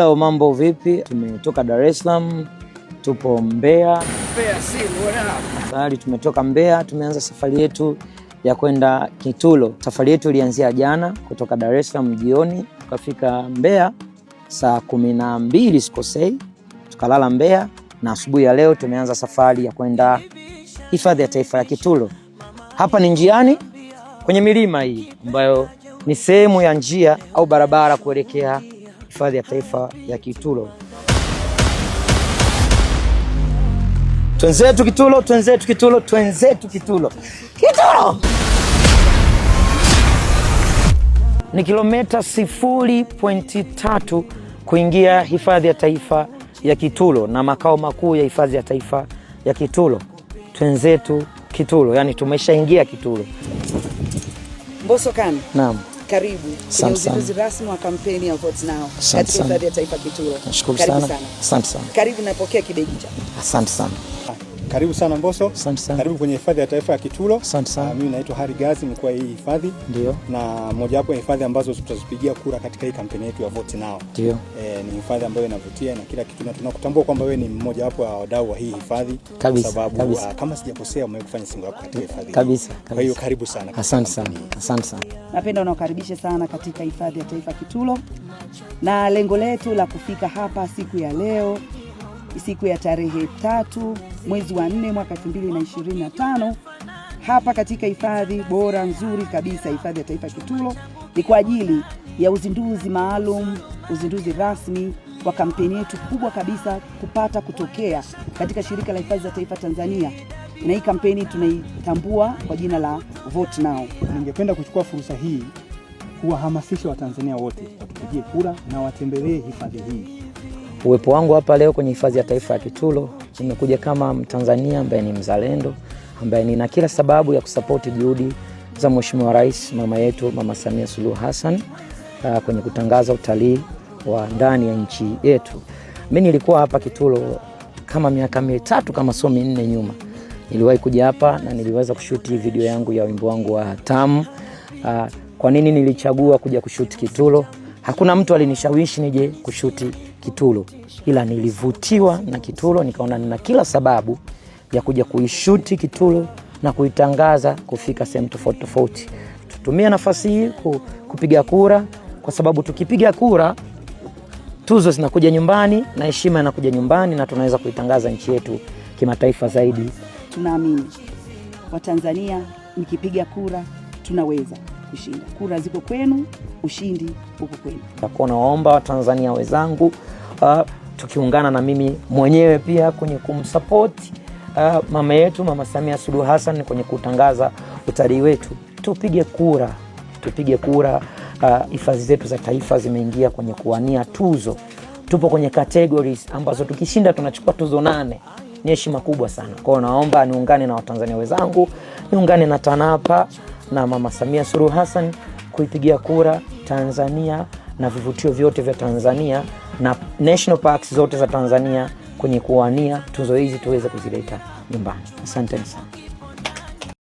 Hello, mambo vipi? Tumetoka Dar es Salaam, tupo Mbeya. Tayari tumetoka Mbeya, tumeanza safari yetu ya kwenda Kitulo. Safari yetu ilianzia jana kutoka Dar es Salaam jioni, tukafika Mbeya saa kumi na mbili sikosei, tukalala Mbeya na asubuhi ya leo tumeanza safari ya kwenda hifadhi ya taifa ya Kitulo. Hapa ni njiani kwenye milima hii ambayo ni sehemu ya njia au barabara kuelekea hifadhi ya taifa ya Kitulo. Twenzetu Kitulo, twenzetu Kitulo, twenzetu Kitulo. Kitulo ni kilomita 0.3 kuingia hifadhi ya taifa ya Kitulo na makao makuu ya hifadhi ya taifa ya Kitulo. Twenzetu Kitulo, yani tumeshaingia Kitulo. Mboso kani? Naam. Karibu kwenye uzinduzi rasmi wa kampeni ya Vote Now katika hifadhi ya taifa Kitulo. Nashukuru sana. Karibu sana. Karibu, napokea kibegi Asante sana. Karibu sana Mboso. Asante sana. Karibu kwenye hifadhi ya taifa ya Kitulo. Asante sana. Ah, mimi naitwa Hari Gazi, mkuu hii hifadhi. Ndio. Na mojawapo ya hifadhi ambazo tutazipigia kura katika hii kampeni yetu ya Vote Now. Ndio. E, ni hifadhi ambayo inavutia na kila kitu na tunakutambua kwamba wewe ni mmoja wapo wa wadau wa hii hifadhi. kwa Sababu kabisa. Uh, kama sijakosea umewahi kufanya singo yako katika hifadhi. Kabisa. Kwa hiyo karibu sana. Asante sana. Asante sana. Napenda unaokaribisha sana katika hifadhi ya taifa Kitulo. Na lengo letu la kufika hapa siku ya leo siku ya tarehe tatu mwezi wa nne mwaka na tano hapa katika hifadhi bora nzuri kabisa, hifadhi ya taifa ya Kitulo. Ni kwa ajili ya uzinduzi maalum, uzinduzi rasmi wa kampeni yetu kubwa kabisa kupata kutokea katika shirika la hifadhi za taifa Tanzania, na hii kampeni tunaitambua kwa jina la Vote Now. Ningependa kuchukua fursa hii kuwahamasisha Watanzania wote watupigie kura na watembelee hifadhi hii Uwepo wangu hapa leo kwenye hifadhi ya taifa ya Kitulo, nimekuja kama Mtanzania ambaye ni mzalendo, ambaye nina kila sababu ya kusapoti juhudi za Mheshimiwa Rais mama yetu Mama Samia Suluhu Hassan uh, kwenye kutangaza utalii wa ndani ya nchi yetu. Mimi nilikuwa hapa Kitulo kama miaka mitatu kama sio minne nyuma, niliwahi kuja hapa na niliweza kushuti video yangu ya wimbo wangu wa Tamu. Uh, kwa nini nilichagua kuja kushuti Kitulo? Hakuna mtu alinishawishi nije kushuti Kitulo, ila nilivutiwa na Kitulo, nikaona nina kila sababu ya kuja kuishuti Kitulo na kuitangaza kufika sehemu tofauti tofauti. Tutumie nafasi hii kupiga kura, kwa sababu tukipiga kura tuzo zinakuja nyumbani na heshima inakuja nyumbani na tunaweza kuitangaza nchi yetu kimataifa zaidi. Tunaamini Watanzania, nikipiga kura tunaweza kushinda. Kura ziko kwenu, ushindi uko kwenu. Takuwa nawaomba Watanzania wenzangu, uh, tukiungana na mimi mwenyewe pia kwenye kumsapoti uh, ah, mama yetu Mama Samia Suluhu Hassan kwenye kutangaza utalii wetu. Tupige kura, tupige kura. Ah, hifadhi uh, zetu za taifa zimeingia kwenye kuwania tuzo. Tupo kwenye categories ambazo tukishinda tunachukua tuzo nane. Ni heshima kubwa sana. Kwa naomba niungane na Watanzania wenzangu, niungane na TANAPA na Mama Samia Suluhu Hassan kuipigia kura Tanzania na vivutio vyote vya Tanzania na national parks zote za Tanzania kwenye kuwania tuzo hizi tuweze kuzileta nyumbani. Asanteni sana.